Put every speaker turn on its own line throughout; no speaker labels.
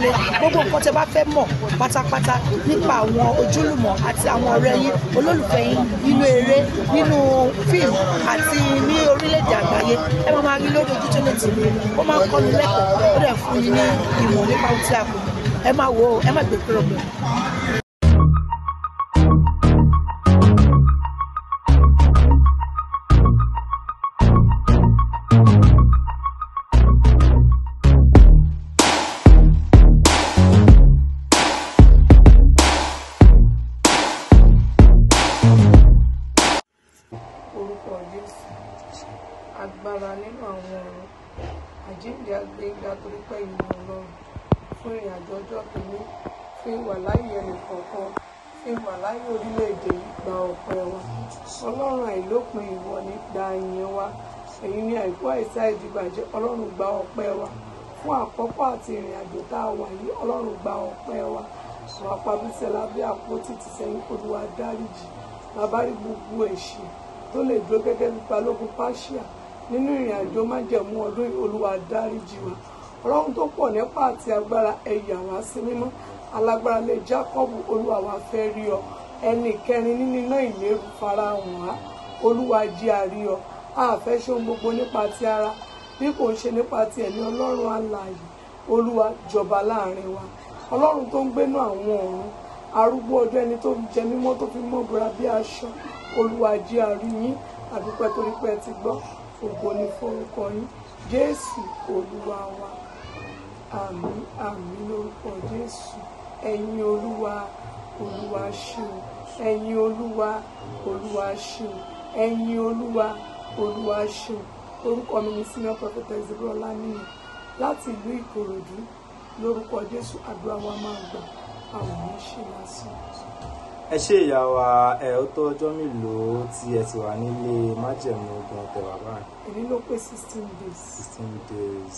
agboolé gbogbo nǹkan tẹ bá fẹ́ mọ̀ pátápátá nípa àwọn ojúlùmọ̀ àti àwọn ọ̀rẹ́ yín olólùfẹ́ yín nínú eré nínú fíìmù àti ní orílẹ̀-èdè àgbáyé ẹ máa máa rí lórí Ojútólé TV ó máa ń kọ́ mi lẹ́kọ̀ọ́ ó dẹ̀ fún mi ní ìmọ̀ nípa ohun tí a kò ẹ máa wò ó ẹ má gbé pẹ́rọ kọjá ìdìbàjẹ́ ọlọ́run gba ọpẹ́ wa fún àkọ́kọ́ àti ìrìn àjò tá a wà yìí ọlọ́run gba ọpẹ́ wa sọ̀rọ̀ apabísẹ̀ lábẹ́ àpótí ti sẹ́yìn olúwa dáríjì bàbá gbogbo ẹ̀ṣẹ̀ tó lè dúró gẹ́gẹ́ bí balógun pàṣíà nínú ìrìn àjò májẹ̀mú ọdún olúwa dáríjì wa ọlọ́run tó pọ̀ nípa àti agbára ẹ̀yà wá sí mímọ́ alágbára lè Jákọ́bù olúwa wa fẹ́ rí ọ ẹnì kẹrin nínú iná ìléru farahàn wá olúwa jí a rí ọ àfẹ́ ṣe ohun gbogbo nípa ti ara bí kò ń ṣe nípa ti ẹ̀mí ọlọ́run alààyè olúwa jọba láàrin wa ọlọ́run tó ń gbénú àwọn ọ̀run arúgbó ọjọ́ ẹni tó jẹ mímọ́ tó fi mọ́ bora bí aṣọ olúwa jẹ́ àrí yín àdúpẹ́ torí pé ẹ ti gbọ́ ògo ni forúkọ yín jésù olúwa wa àmín àmín lórúkọ jésù ẹ̀yin olúwa olúwa ṣeun ẹ̀yin olúwa olúwa ṣeun ẹ̀yin olúwa olúwaṣọ orúkọ mi ni senior prophetess Deborah Ọláníyàn láti ìlú Ìkòròdú lórúkọ Jésù àdúrà wa máa gbà àwọn ọmọ ṣe lásán. ẹ ṣe ìyá wa ẹ ó tó ọjọ́ mélòó tí ẹ ti wà nílé májẹ̀mú ogun tẹ̀wá báyìí. èyí ló pé sixteen days. sixteen days.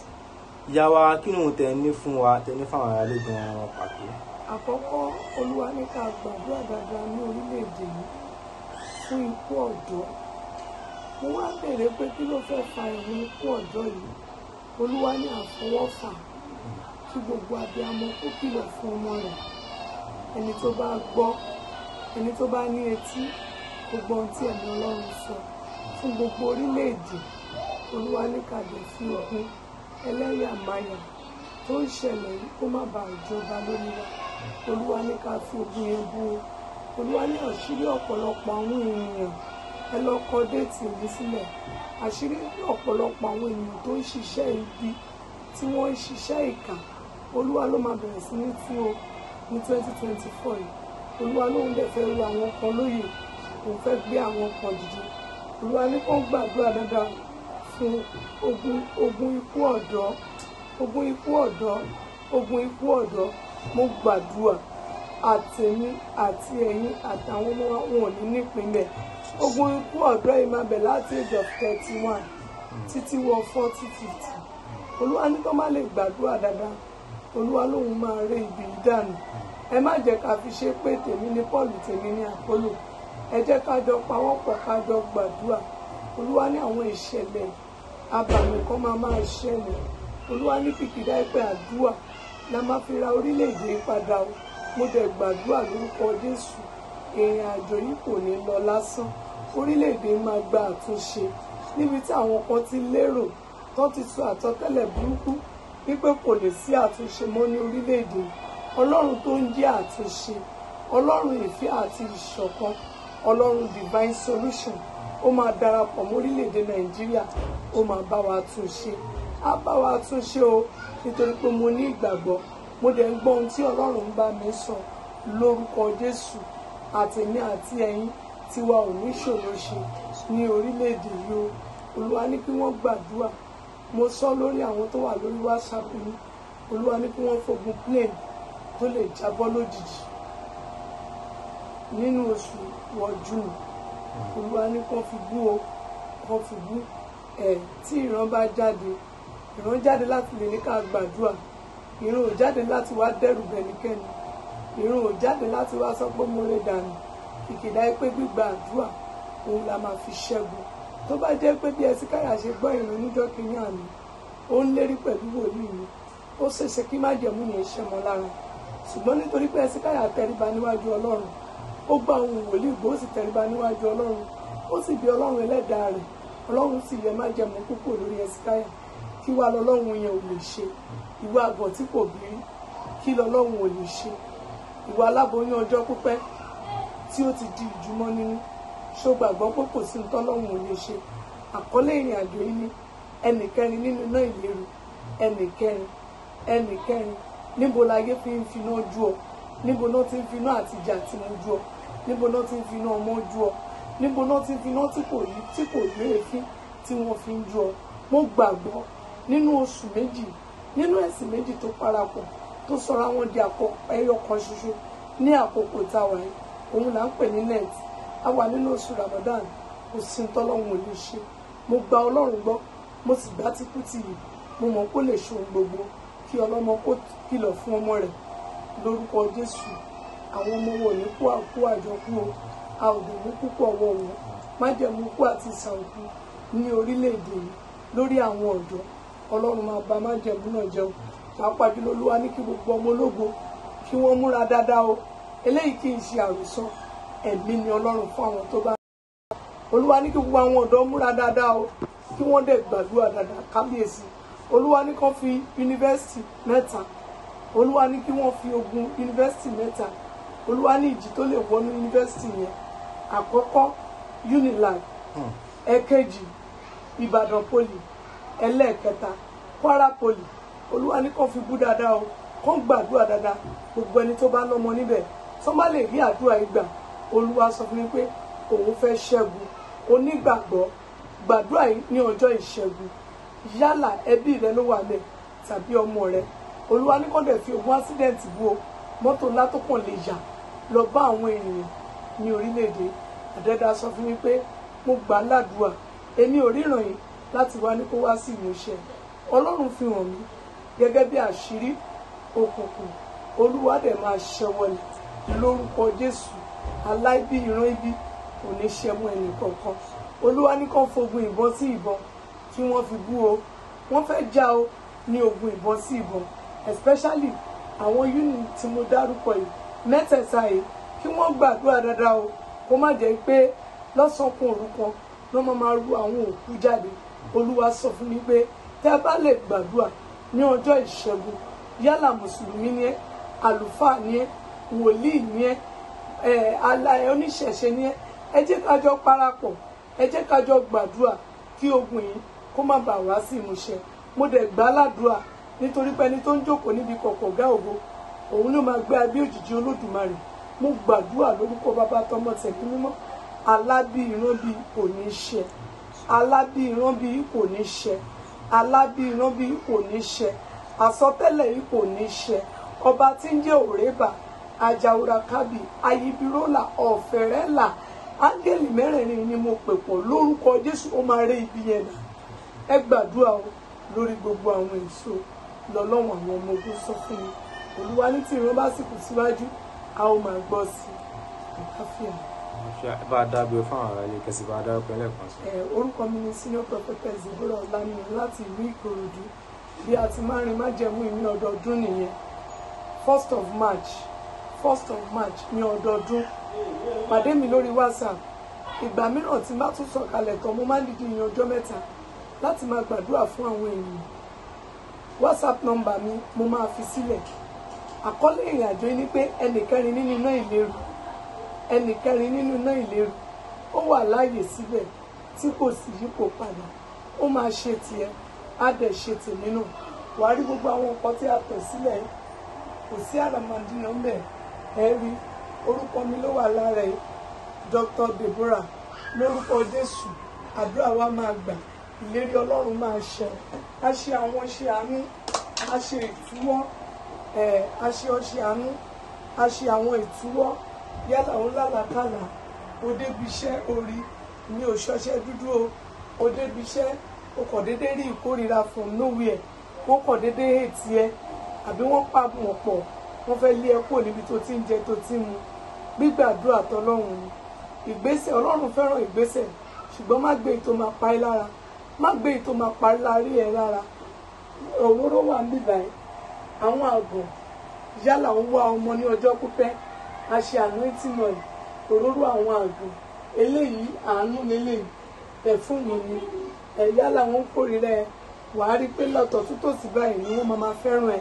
ìyá wa kí ni òun tẹ ní fún wa tẹ ní fáwọn aráàlú gan-an wọn pàtó. àkọ́kọ́ olúwa ní ká gbàdúrà dáadáa ní orílẹ̀-èdè yìí fún ikú ọ̀dọ́ mo wá bèrè pé kí ló fẹ́ fa ìwé ikú ọ̀dọ́ yìí olúwa ní àfọwọ́fà kí gbogbo abiyamọ kó kìlọ̀ fún ọmọ rẹ̀ ẹni tó bá gbọ́ ẹni tó bá ní etí gbogbo ohun tí ẹ̀mí ọlọ́run sọ fún gbogbo orílẹ̀-èdè olúwa ní kàdéfì ọ̀hún ẹlẹ́yàmáyà tó ń ṣẹlẹ̀ yìí kó má bàa jọba lórí wa olúwa ní ká fi ogun yẹn bú olúwa ní àṣírí ọ̀pọ̀lọpọ̀ àwọn ènìyàn ẹ lọ kọ déètì ìlú sílẹ̀ àṣírí ọ̀pọ̀lọpọ̀ àwọn ènìyàn tó ń ṣiṣẹ́ ibi tí wọ́n ń ṣiṣẹ́ ìkà olúwa ló máa bẹ̀rẹ̀ sí ní tí o ní twenty twenty four yìí olúwa ló ń dẹ̀ fẹ́ lu àwọn kan lóye òun fẹ́ gbé àwọn kan dìde olúwa ní kó gbàdúrà dáadáa fún ogun ogun ikú ọ̀dọ́ ogun ikú ọ̀dọ́ ogun ikú ọ̀dọ́ mo gbàdúrà àtẹ̀yìn àti ẹ̀yìn àtàwọn ọmọ wọn ò ní nípìnlẹ̀ ogun ikú ọ̀dọ́ yìí máa bẹ̀ láti age of thirty one títí wọ forty fifty olúwa ní tó má lè gbàdúrà dáadáa olúwa lòun máa ré ibi ìdànù ẹ má jẹ́ ká fi ṣe pé tèmi ní paul tèmi ní àpọ́lò ẹ jẹ́ ká jọ pawọ́pọ̀ ká jọ gbàdúrà olúwa ní àwọn ìṣẹ̀lẹ̀ abàmì kan máa máa ṣẹlẹ̀ olúwa ní kìkìdá ẹgbẹ́ àdúrà la máa fi ra orílẹ̀-èdè padà o mo dẹ̀ gbàdúrà lórúkọ Jésù ìrìn àjò yìí kò ní lọ lásán orílẹ̀-èdè máa gba àtúnṣe níbi tí àwọn kan ti lérò tó ti sọ àtọtẹ́lẹ̀ burúkú wípé kò lè sí àtúnṣe mọ́ ní orílẹ̀-èdè ọlọ́run tó ń jẹ́ àtúnṣe ọlọ́run ìfẹ́ àti ìṣọ̀kan ọlọ́run divine solution ó máa darapọ̀ mọ́ orílẹ̀-èdè nàìjíríà ó máa bá wa tún ṣe á bá wa tún ṣe o nítorí pé mo ní ìgbàgbọ́ mo dẹ̀ ń gbọ́ ohun tí ọlọ́run bá mi sọ lórúkọ jésù àtẹ̀mí àti ẹ̀yin tiwa ò ní ṣòro ṣe ní orílẹ̀-èdè yìí o olúwa ní kí wọ́n gbàdúrà mo sọ lórí àwọn tó wà lórí whatsapp mi olúwa ní kí wọ́n fogun plane tó lè jábọ́ lójijì nínú oṣù wọ̀jú olúwa ní kí wọ́n fi bú o kọ́ fi bú ẹ̀ tí ìran bá jáde ìran jáde láti lè ní ká gbàdúrà ìrun ò jáde láti wá dẹ́rù bẹ̀nikẹ́ni ìrun ò jáde láti wá sọ pé mo lè dànù ìkìlá pé gbígba àdúrà òun la máa fi ṣẹ́gun tó bá jẹ́ pé bí ẹsíkáyà ṣe gbọ́ ìrun níjọ́ kìíní àná ó ń lérí pẹ̀lú wòlíì mi ó ṣeéṣe kí májẹ̀mú yẹn ṣe mọ́ lára ṣùgbọ́n nítorí pé ẹsíkáyà tẹríba níwájú ọlọ́run ó gba ohun wòlíì gbó sì tẹríba níwájú ọlọ́run ó sì bí ọlọ́run ẹlẹ́dàá rẹ̀ ọlọ́run sì yẹ májẹ̀mú púpọ̀ lórí ẹsíkáyà kí wá lọ́lọ́run yẹn ò lè ṣe ìwà àgọ̀ tí kò bírí kí lọ́lọ́run ò lè ṣe ìwà aláboyún ọjọ́ pípẹ́ tí ó ti di ìjùmọ́ nínú ṣó pé kò sí tọ́lọ́run ò lè ṣe àkọlé ìrìn àjò yìí ni ẹnìkẹrin nínú iná ìléru ẹnìkẹrin ẹnìkẹrin níbo láyé fi ń finá ojú ọ níbo náà ti ń finá àtijọ́ àti mojú ọ níbo náà ti ń finá ọmọ ojú ọ níbo náà ti ń finá tí kò yí tí kò yé èéfín tí wọ́n fi ń ju ọ mo gbàgbọ́ nínú oṣù méjì nínú ẹ̀sìn méjì tó parapọ̀ tó sọra wọn di ẹyọ kan ṣoṣo ní àkókò táwa yìí òun là ń pè ní net a wà nínú oṣù Ramadan kò sí tọ́lọ́hún ò lè ṣe mo gba Ọlọ́run gbọ́ mo sì gbá tìkútì yìí mo mọ̀ kó lè ṣohun gbogbo kí ọlọ́mọ kó kìlọ̀ fún ọmọ rẹ̀ lórúkọ Jésù àwọn ọmọ wọn ò ní kó àkó àjọkú o a ò dẹ̀ mú púpọ̀ wọ̀ wọ́n májẹ̀mú kó àti sàǹkú ní orílẹ̀ yìí lórí àwọn ọ̀dọ́ ọlọ́run máa bá máa ń jẹ̀mú náà jẹun pàápàá jùlọ olúwa ní kí gbogbo ọmọ ológo kí wọ́n múra dáadáa o eléyìí kì í ṣe àròsọ ẹ̀mí ni ọlọ́run fún àwọn tó bá olúwa ní kí gbogbo àwọn ọ̀dọ́ múra dáadáa o kí wọ́n dẹ̀ gbàdúrà dáadáa kábíyèsí olúwa ní kí wọ́n fi yunifásitì mẹ́ta olúwa ní kí wọ́n fi ogun yunifásitì mẹ́ta olúwa ní ìjì tó lè wọnú yunifásitì yẹn àkọ́kọ́ unilag hmm. ẹ̀kejì ìbàdàn poli ẹlẹ́ẹ̀kẹta Kwara Poly olúwa ní kàn fi bú dáadáa o kàn gbàdúrà dáadáa gbogbo ẹni tó bá lọ́mọ níbẹ̀ tó má lè rí àdúrà yìí gbà olúwa sọ fún mi pé òun fẹ́ ṣẹ́gun onígbàgbọ́ gbàdúrà yìí ní ọjọ́ ìṣẹ́gun yálà ẹbí rẹ ló wà lẹ̀ tàbí ọmọ rẹ olúwa ní kàn dẹ̀ fi ogun ásídẹ̀ǹtì bú o mọ́tò ńlá tó kàn lè yà lọ bá àwọn ènìyàn ní orílẹ̀-èdè àdẹ́dà sọ fún mi pé mo gbà á ládùúà èmi ò ríran yìí láti wá ní kó wá sí ìmúṣẹ ọlọ́run fi hàn mí gẹ́gẹ́ bí àṣírí òkùnkùn olúwa dẹ̀ máa ṣẹwọlẹ̀ lórúkọ jésù aláìbí ìran ibi kò ní ṣẹmú ẹnì kankan olúwa ní kàn fogun ìbọn sí ìbọn tí wọ́n fi bú o wọ́n fẹ́ já o ní ogun ìbọn sí ìbọn especially àwọn unit tí mo dárúkọ yìí mẹ́tẹ̀ẹ̀ta yìí kí wọ́n gbàdúrà dáadáa o kó má jẹ́ pé lọ́sàn-án kan máa máa àwọn òkú jáde olúwa sọ fún mi pé tẹ́ bá lè gbàdúrà ní ọjọ́ ìṣẹ́gun yálà mùsùlùmí ni ẹ́ àlùfáà ni ẹ́ wòlíì ni ẹ́ ẹ̀ aláì oníṣẹ̀ṣe ni ẹ́ ẹ jẹ́ ká jọ parapọ̀ ẹ jẹ́ ká jọ gbàdúrà kí ogun yìí kó má bàa wá sí ìmúṣẹ mo dẹ̀ gbà ládùúrà nítorí pé ẹni tó ń jókòó níbi kọ̀kọ̀ gá ògo òun ló máa gbé abẹ́ òjìji olódùmarè mo gbàdúrà lórúkọ bàbá tọmọ tẹ̀mí mímọ́ alábí ìran bíi kò ní í ṣe alábìíràn bí kò ní ṣẹ alábìíràn bí kò ní ṣẹ àsọtẹ́lẹ̀ yìí kò ní ṣẹ ọba tí ń jẹ́ òrébà ajáurakabi ayibirola ọ̀fẹ́rẹ́là áńgẹ́lì mẹ́rẹ̀ẹ̀rin ni mo pè pọ̀ lórúkọ jésù ó máa rẹ́ ibi yẹn dà ẹ gbàdúrà o lórí gbogbo àwọn èso lọ́lọ́wọ̀n àwọn ọmọ ogun sọ fún mi olúwa ní tí ìran bá sì kù síwájú a ó máa gbọ́ sí i àlàáfíà bá fáwọn ará ilé kẹsì bá a dárúkọ ẹlẹ́kan sí. orúkọ mi ni senior prophetess Deborah Ọlámíyàn láti ìlú Ìkòròdú bí a ti máa rin májẹ̀mú ìmí ọdọọdún nìyẹn first of March first of March ní ọdọọdún pàdé mi lórí WhatsApp ìgbà mìíràn tí má tún sọ̀kalẹ̀ tán mo máa ń dìde ìyẹn ọjọ́ mẹ́ta láti máa gbàdúrà fún àwọn ènìyàn WhatsApp nọ́mbà mi mo máa fi sílẹ̀ àkọlé ìrìnàjò yìí ni pé ẹnìkẹrin nínú iná ìlérò ẹnìkẹrin nínú náà ìlérò ó wà láàyè síbẹ̀ tí kò sì yípo padà ó máa ṣe tiẹ̀ á dẹ̀ ṣe tèmi náà wà á rí gbogbo àwọn nǹkan tí a tẹ̀ sílẹ̀ kò sí àràmàdínà ńbẹ̀ ẹ rí orúkọ mi ló wà lára ẹ Dr. Deborah lórúkọ Jésù àdúrà wa máa gbà ìlérí Ọlọ́run máa ṣẹ a ṣe àwọn ṣe àánú a ṣe ìtúwọ́ ẹ̀ a ṣe ọṣẹ àánú a ṣe àwọn ìtúwọ́ yálà òun lálàkàlà ó débi iṣẹ́ orí ní òṣọṣẹ́ dúdú o ó iṣẹ́ ó kàn déédé rí ìkórira from nowhere ó kàn déédé hètì ẹ àbí wọ́n pa wọ́n pọ̀ wọ́n fẹ́ lé ẹ níbi tó ti ń jẹ tó ti mu gbígbàdúrà tọlọ́run ni ìgbésẹ̀ ọlọ́run fẹ́ràn ìgbésẹ̀ ṣùgbọ́n má gbé ètò máa pa lára má gbé ètò máa parí lárí ẹ lára òwúrọ̀ wà níbàyẹn àwọn àgọ̀ yálà ń wá ọmọ ní ọjọ́ pípẹ́ a ṣe anointing oil òróró àwọn àgùn eléyìí àánú lélẹ́yìí pẹ̀fúùmù ni ẹ̀yà làwọn ń kórìíra ẹ wàá rí pé lọ́tọ̀ tútòsí báyìí ni wọ́n máa fẹ́ràn ẹ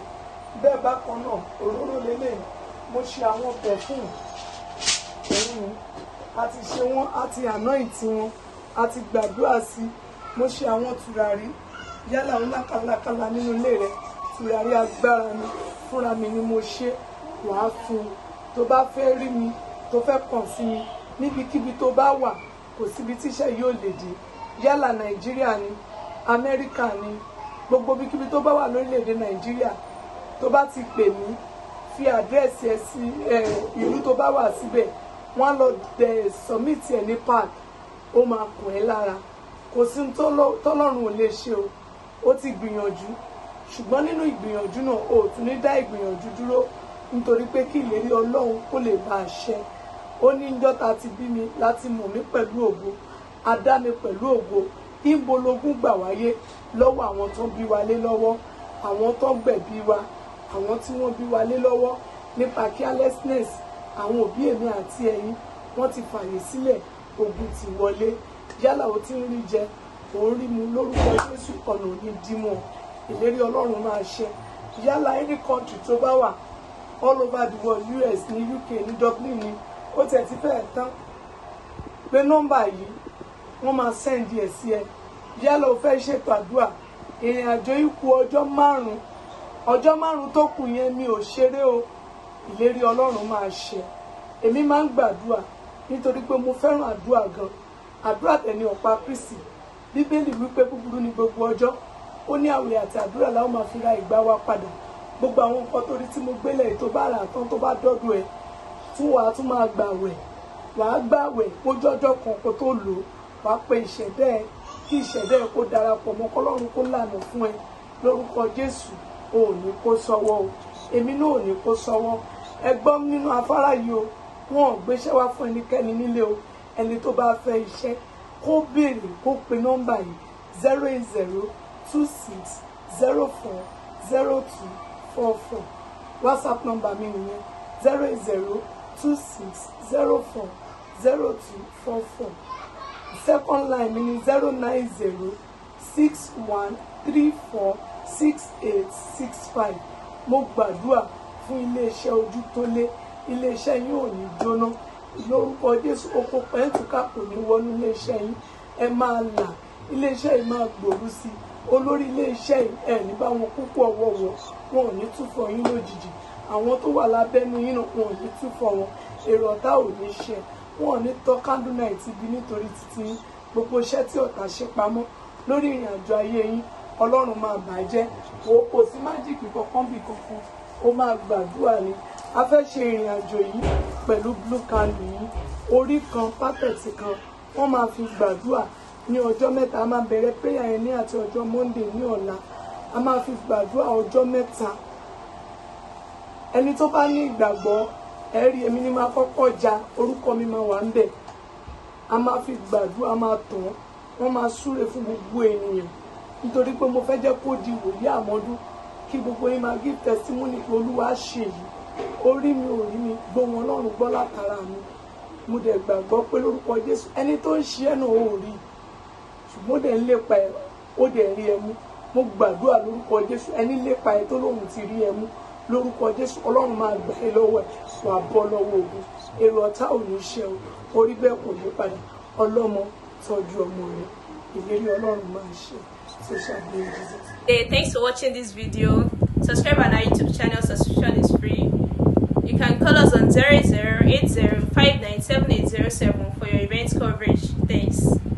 bẹ́ẹ̀ bákan náà òróró lélẹ́yìí mo ṣe àwọn pẹ̀fúùmù pẹ̀lú a ti ṣe wọ́n a ti anoint wọn a ti gbàdúrà sí mo ṣe àwọn tùràrí yálà ń lákàlákàlà nínú ilé rẹ tùràrí agbára ni fúnra mi ni mo ṣe wàá fún un tó bá fẹ́ rí mi tó fẹ́ kàn sí mi níbikíbi tó bá wà kò síbi tíṣẹ́ yóò lè dé yálà nàìjíríà ni amẹ́ríkà ni gbogbo ibikíbi tó bá wà lórílẹ̀‐èdè nàìjíríà tó bá ti pè mí fi àdírẹ́sì ẹ sí ìlú tó bá wà síbẹ̀ wọ́n lọ dẹ sọ́mìtì ẹ̀ ní park ó máa kùn ẹ́ lára kò sí tọ́lọ́run ò lè ṣe o ó ti gbìyànjú ṣùgbọ́n nínú ìgbìyànjú náà o ò tún ní dá ìgbìyànjú dúró nítorí pé kí ìlérí ọlọ́run kó lè máa ṣẹ ó ní njọ́ ta ti bí mi láti mọ̀ mí pẹ̀lú ògo a dá mi pẹ̀lú ògo níbo logún gbà wáyé lọ́wọ́ àwọn tó ń bí wa lé lọ́wọ́ àwọn tó gbẹ̀bí wa àwọn tí wọ́n bí wa lé lọ́wọ́ nípa carelessness àwọn òbí èmi àti ẹ̀yin wọ́n ti fààyè sílẹ̀ ogun ti wọlé yálà ó ti ń rí jẹ òun rí mu lórúkọ Jésù ọ̀nà ní dí ìlérí Ọlọ́run máa ṣe yálà any country tó bá wà all over the world US ní UK ní Dublin ní ó tiẹ̀ ti fẹ́ẹ̀ tán pé nọ́mbà yìí wọ́n máa sẹ́ndì ẹ̀ sí ẹ yálà ó fẹ́ ṣètò àdúrà ìrìn àjò ikú ọjọ́ márùn-ún ọjọ́ márùn-ún tó kù yẹn mi ò ṣeré o ìlérí Ọlọ́run máa ṣe èmi máa ń gbàdúrà nítorí pé mo fẹ́ràn àdúrà gan àdúrà tẹ̀lé ọ̀pá Kristi bíbélì wípé búburú ni gbogbo ọjọ́ ó ní àwẹ̀ àti àdúrà la ó máa fi ra ìgbà wa padà gbogbo àwọn nǹkan tó tí mo gbélé tó bá rà tán tó bá dọ́dún ẹ tí wàá tún máa gbàwẹ̀ wàá gbàwẹ̀ kójọ́jọ́ kan kó tó lò wàá pe ìṣẹ̀dẹ́ ẹ kí ìṣẹ̀dẹ́ ẹ kó darapọ̀ mọ́ kọ́lọ́run kó lànà fún ẹ lórúkọ Jésù o kó sọ́wọ́ o èmi náà ò kó sọ́wọ́ ẹ nínú afárá yìí o wọn ò gbéṣẹ́ wá fún ẹnikẹ́ni nílé o ẹni tó bá fẹ́ iṣẹ́ kó béèrè kó pe nọ́mbà yìí zero eight zero two six zero four zero two four four whatsapp number mi ni zero zero two six zero four zero two four four second line mi ni zero nine zero six one three four six eight six five mo gbàdúrà fún iléeṣẹ́ ojú tó lé iléeṣẹ́ yín ò ní jóná lórúkọ jésù oko pẹ́ńtù kápò ní wọnú iléeṣẹ́ yín ẹ máa là iléeṣẹ́ yìí máa gbòòrú sí i olórí iléeṣẹ́ ẹ̀ ní bá wọn kúkú ọwọ́ wọn wọn ò ní túfọ̀ yín lójijì àwọn tó wà lábẹ́nu yín náà wọn ò ní túfọ̀ wọn èrò ọ̀tá ò ní ṣe wọn ò ní tọ́ candle night bí nítorí títí gbogbo iṣẹ́ tí ọ̀tá ṣe pamọ́ lórí ìrìn àjò ayé yín ọlọ́run máa bàjẹ́ kò sí májìkì kankan bì kankan ó máa gbàdúrà ni a fẹ́ ṣe ìrìn àjò yìí pẹ̀lú blue candle yìí orí kan pátẹ̀tì kan wọ́n máa fi gbàdúrà ní ọjọ́ mẹ́ta a máa bẹ̀rẹ̀ prayer yẹn ní àti ọjọ́ monday ní ọ̀la a máa fi gbàdúrà ọjọ́ mẹ́ta ẹni tó bá ní ìgbàgbọ́ ẹ èmi ni máa kọ́kọ́ ja orúkọ mi máa wà ń bẹ̀ a máa fi gbàdúrà máa tàn wọ́n máa súre fún gbogbo ènìyàn nítorí pé mo fẹ́ jẹ́ kó di wòlíì àmọ́dún kí gbogbo yín máa give testimony pé olúwa ṣe yìí orí mi ò rí mi gbóhùn ọlọ́run gbọ́ látara mi mo dẹ̀ gbàgbọ́ pé lórúkọ jésù ẹni tó ń ṣe ẹ̀ náà ò rí i ṣùgbọ́n ó dẹ̀ ń lépa ẹ ó dẹ̀ rí ẹ mú mo gbàdúrà lórúkọ jésù ẹni lépa ẹ tó lóhùn ti rí ẹ mú lórúkọ jésù ọlọ́run máa gbà ẹ lọ́wọ́ ẹ wà bọ́ lọ́wọ́ ogun èrò ọ̀tá ò ní ṣe o orí bẹ́ẹ̀ kò ní padà ọlọ́mọ tọ́jú ọmọ rẹ ìlérí ọlọ́run máa ṣe social media. hey thanks for watching this video subscribe on our youtube channel subscription is free you can call us on zero zero eight zero five nine seven eight zero seven for your event coverage thanks.